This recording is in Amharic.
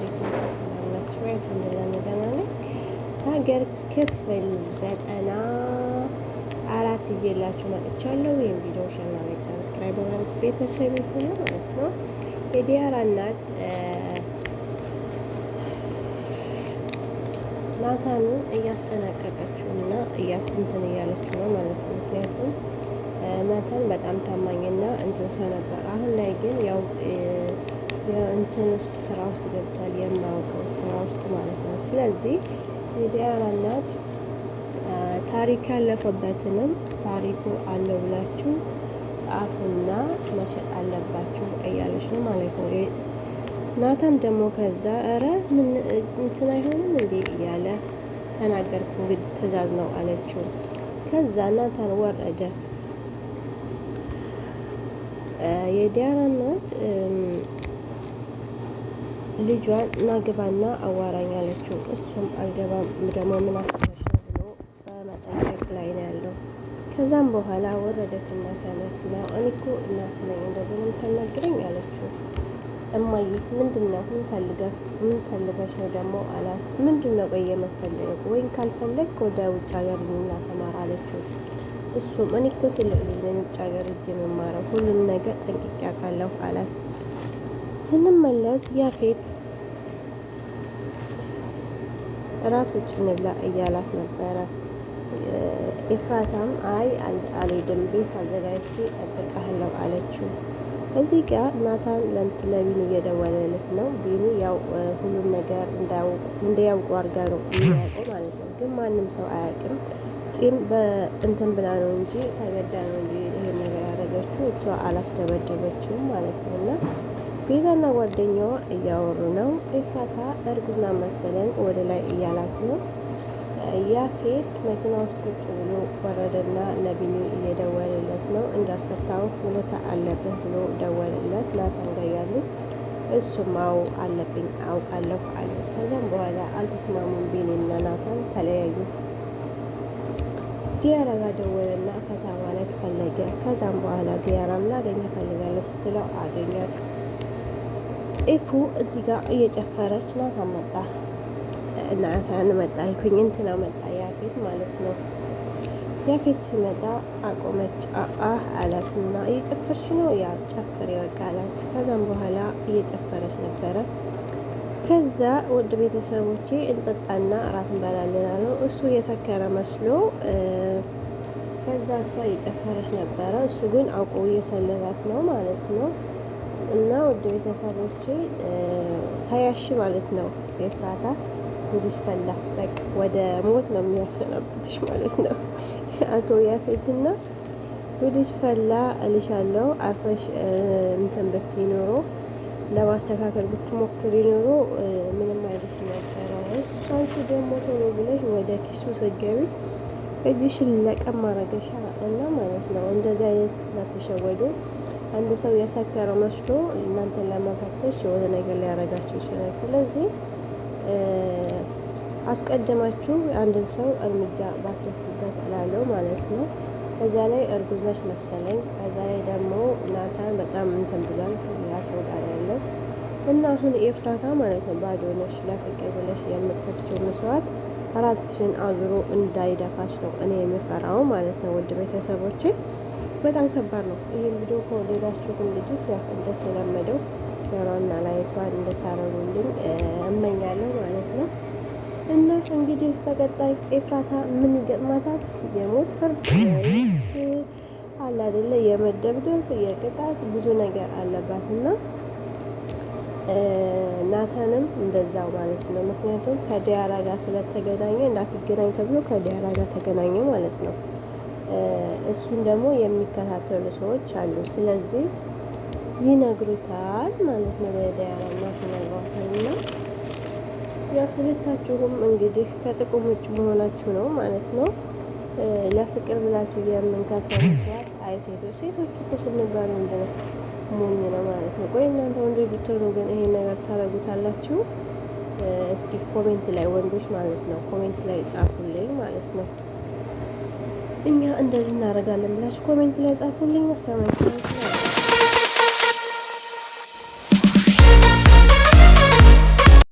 ቤተሰቦች እንዴት ናችሁ? አልሐምዱሊላህ ደህና ነኝ። ሀገር ክፍል ዘጠና አራት እየላችሁ መጥቻለሁ። ይህም ቪዲዮ ሸና ላይክ፣ ሰብስክራይብ በማድረግ ቤተሰብ ሆነ ማለት ነው። የዲያራ እናት ናታንን እያስጠነቀቀችው እና እንትን እያለችው ነው ማለት ነው። ምክንያቱም ናታን በጣም ታማኝና እንትን ሰው ነበር። አሁን ላይ ግን ያው የእንትን ውስጥ ስራ ውስጥ ገብቷል፣ የማውቀው ስራ ውስጥ ማለት ነው። ስለዚህ የዲያራ እናት ታሪክ ያለፈበትንም ታሪኩ አለው ብላችሁ ጻፉና መሸጥ አለባችሁ እያለች ነው ማለት ነው። ናታን ደግሞ ከዛ እረ ምን እንትን አይሆንም እንዴ እያለ ተናገርኩ እንግዲህ ትዕዛዝ ነው አለችው። ከዛ ናታን ወረደ። የዲያራ እናት ልጇን ናግባና አዋራኝ አለችው። እሱም አልገባም ደግሞ ምን አስበሽ ነው ብሎ በመጠንቀቅ ላይ ነው ያለው። ከዛም በኋላ ወረደች ወረደችና ከመኪናው እኔ እኮ እናት ነኝ እንደዚህ ነው የምታናግረኝ አለችው። እማዬ ምንድን ነው ምን ፈልገህ ምን ፈልገሽ ነው ደግሞ አላት። ምንድን ነው ቆየ መፈለግ ወይም ካልፈለግ ወደ ውጭ ሀገር ልና ተማር አለችው። እሱም እኔ እኮ ትልቅ ልጅ ነኝ ውጭ ሀገር እጅ የምማረው ሁሉም ነገር ጠንቅቄ አውቃለሁ አላት። ስንመለስ ያፌት እራት ውጭ እንብላ እያላት ነበረ። ኤፍራታም አይ አልሄድም፣ ቤት አዘጋጅቼ እጠብቅሃለሁ አለችው። እዚህ ጋር ናታን ለምት ለቢን እየደወለለት ነው። ቢኒ ያው ሁሉም ነገር እንዳያውቁ አድርጋ ነው የሚያውቀው ማለት ነው። ግን ማንም ሰው አያውቅም። ጺም በእንትን ብላ ነው እንጂ ተገዳ ነው እንጂ ይሄን ነገር ያደረገችው እሷ አላስደበደበችውም ማለት ነው እና ቤዛና ጓደኛዋ እያወሩ ነው። ኤፍራታ እርግዝና መሰለን ወደ ላይ እያላት ነው። ያፌት መኪና ውስጥ ቁጭ ብሎ ወረደና ነቢኒ እየደወለለት ነው። እንዳስፈታው ሁኔታ አለብህ ብሎ ደወለለት። ናታን ጋር ያሉት እሱማው አለብኝ አውቃለሁ አለ። ከዚያም በኋላ አልተስማሙም። ቢኒና ናታን ተለያዩ። ዲያራ ጋር ደወለና ፈታ ማለት ፈለገ። ከዛም በኋላ ዲያራም ላገኘ ፈልጋለሁ ስትለው አገኛት። ኢፉ እዚህ ጋር እየጨፈረች ናታን መጣ ናታን መጣ አልኩኝ እንትና መጣ ያፌት ማለት ነው። ያፌት ሲመጣ አቆመች። አአ አላትና እየጨፈርሽ ነው ያ ጨፍር ይወቃላት። ከዛም በኋላ እየጨፈረች ነበረ ከዛ ውድ ቤተሰቦቼ እንጠጣና እራት እንበላለን አለው። እሱ የሰከረ መስሎ ከዛ እሷ እየጨፈረች ነበረ። እሱ ግን አውቆ እየሰለላት ነው ማለት ነው። እና ውድ ቤተሰቦቼ ታያሽ ማለት ነው። ኤፍራታ እንዲፈላ በቃ ወደ ሞት ነው የሚያሰናብትሽ ማለት ነው። አቶ ያፌትና ወዲሽ ፈላ እልሻለሁ አርፈሽ እንትን ብትይ ኖሮ ለማስተካከል ብትሞክሪ ኖሮ ምንም አይልሽ ነበረ። እሱ አንቺ ደግሞ ቶሎ ብለሽ ወደ ኪሱ ስገቢ እጅሽን ለቀም ማረገሻ እና ማለት ነው። እንደዚህ አይነት ለተሸወዱ አንድ ሰው የሰከረ መስሎ እናንተን ለመፈተሽ የሆነ ነገር ሊያረጋቸው ይችላል። ስለዚህ አስቀድማችሁ አንድን ሰው እርምጃ ባትወስዱበት እላለሁ ማለት ነው። ከዛ ላይ እርጉዝ ነች መሰለኝ። ከዛ ላይ ደግሞ ናታን በጣም እንትን ብሏል ከሌላ ሰው ጋር እና አሁን ኤፍራታ ማለት ነው ባዶ ነሽ ለፍቅር ብለሽ የምትከፍችው መስዋዕት አራትሽን አዙሮ እንዳይደፋሽ ነው እኔ የምፈራው ማለት ነው። ውድ ቤተሰቦች በጣም ከባድ ነው። ይህን ቪዲዮ ከወደዳችሁት እንግዲህ ያው እንደተለመደው ጀሯና ላይኳን እንድታረጉልኝ እመኛለሁ ማለት ነው። እና እንግዲህ በቀጣይ ኤፍራታ ምን ይገጥማታል? የሞት ፍርድ አለ አይደለ? የመደብደብ የቅጣት ብዙ ነገር አለባት እና ናታንም እንደዛው ማለት ነው። ምክንያቱም ከዲያራ ጋር ስለተገናኘ እንዳትገናኝ ተብሎ ከዲያራ ጋር ተገናኘ ማለት ነው። እሱን ደግሞ የሚከታተሉ ሰዎች አሉ። ስለዚህ ይነግሩታል ማለት ነው። ለዲያራ እናት ይነግሯታልና ያው ሁለታችሁም እንግዲህ ከጥቅም ውጭ መሆናችሁ ነው ማለት ነው። ለፍቅር ብላችሁ የምንከፍለው መስዋዕት አይ ሴቶች ሴቶች እኮ ስንባል ምንድነው ቆይ እናንተ ወንዶች ብትሆኑ ግን ይሄን ነገር ታደርጉታላችሁ? እስኪ ኮሜንት ላይ ወንዶች ማለት ነው፣ ኮሜንት ላይ ጻፉልኝ ማለት ነው። እኛ እንደዚህ እናደርጋለን ብላችሁ ኮሜንት ላይ ጻፉልኝ። ላይ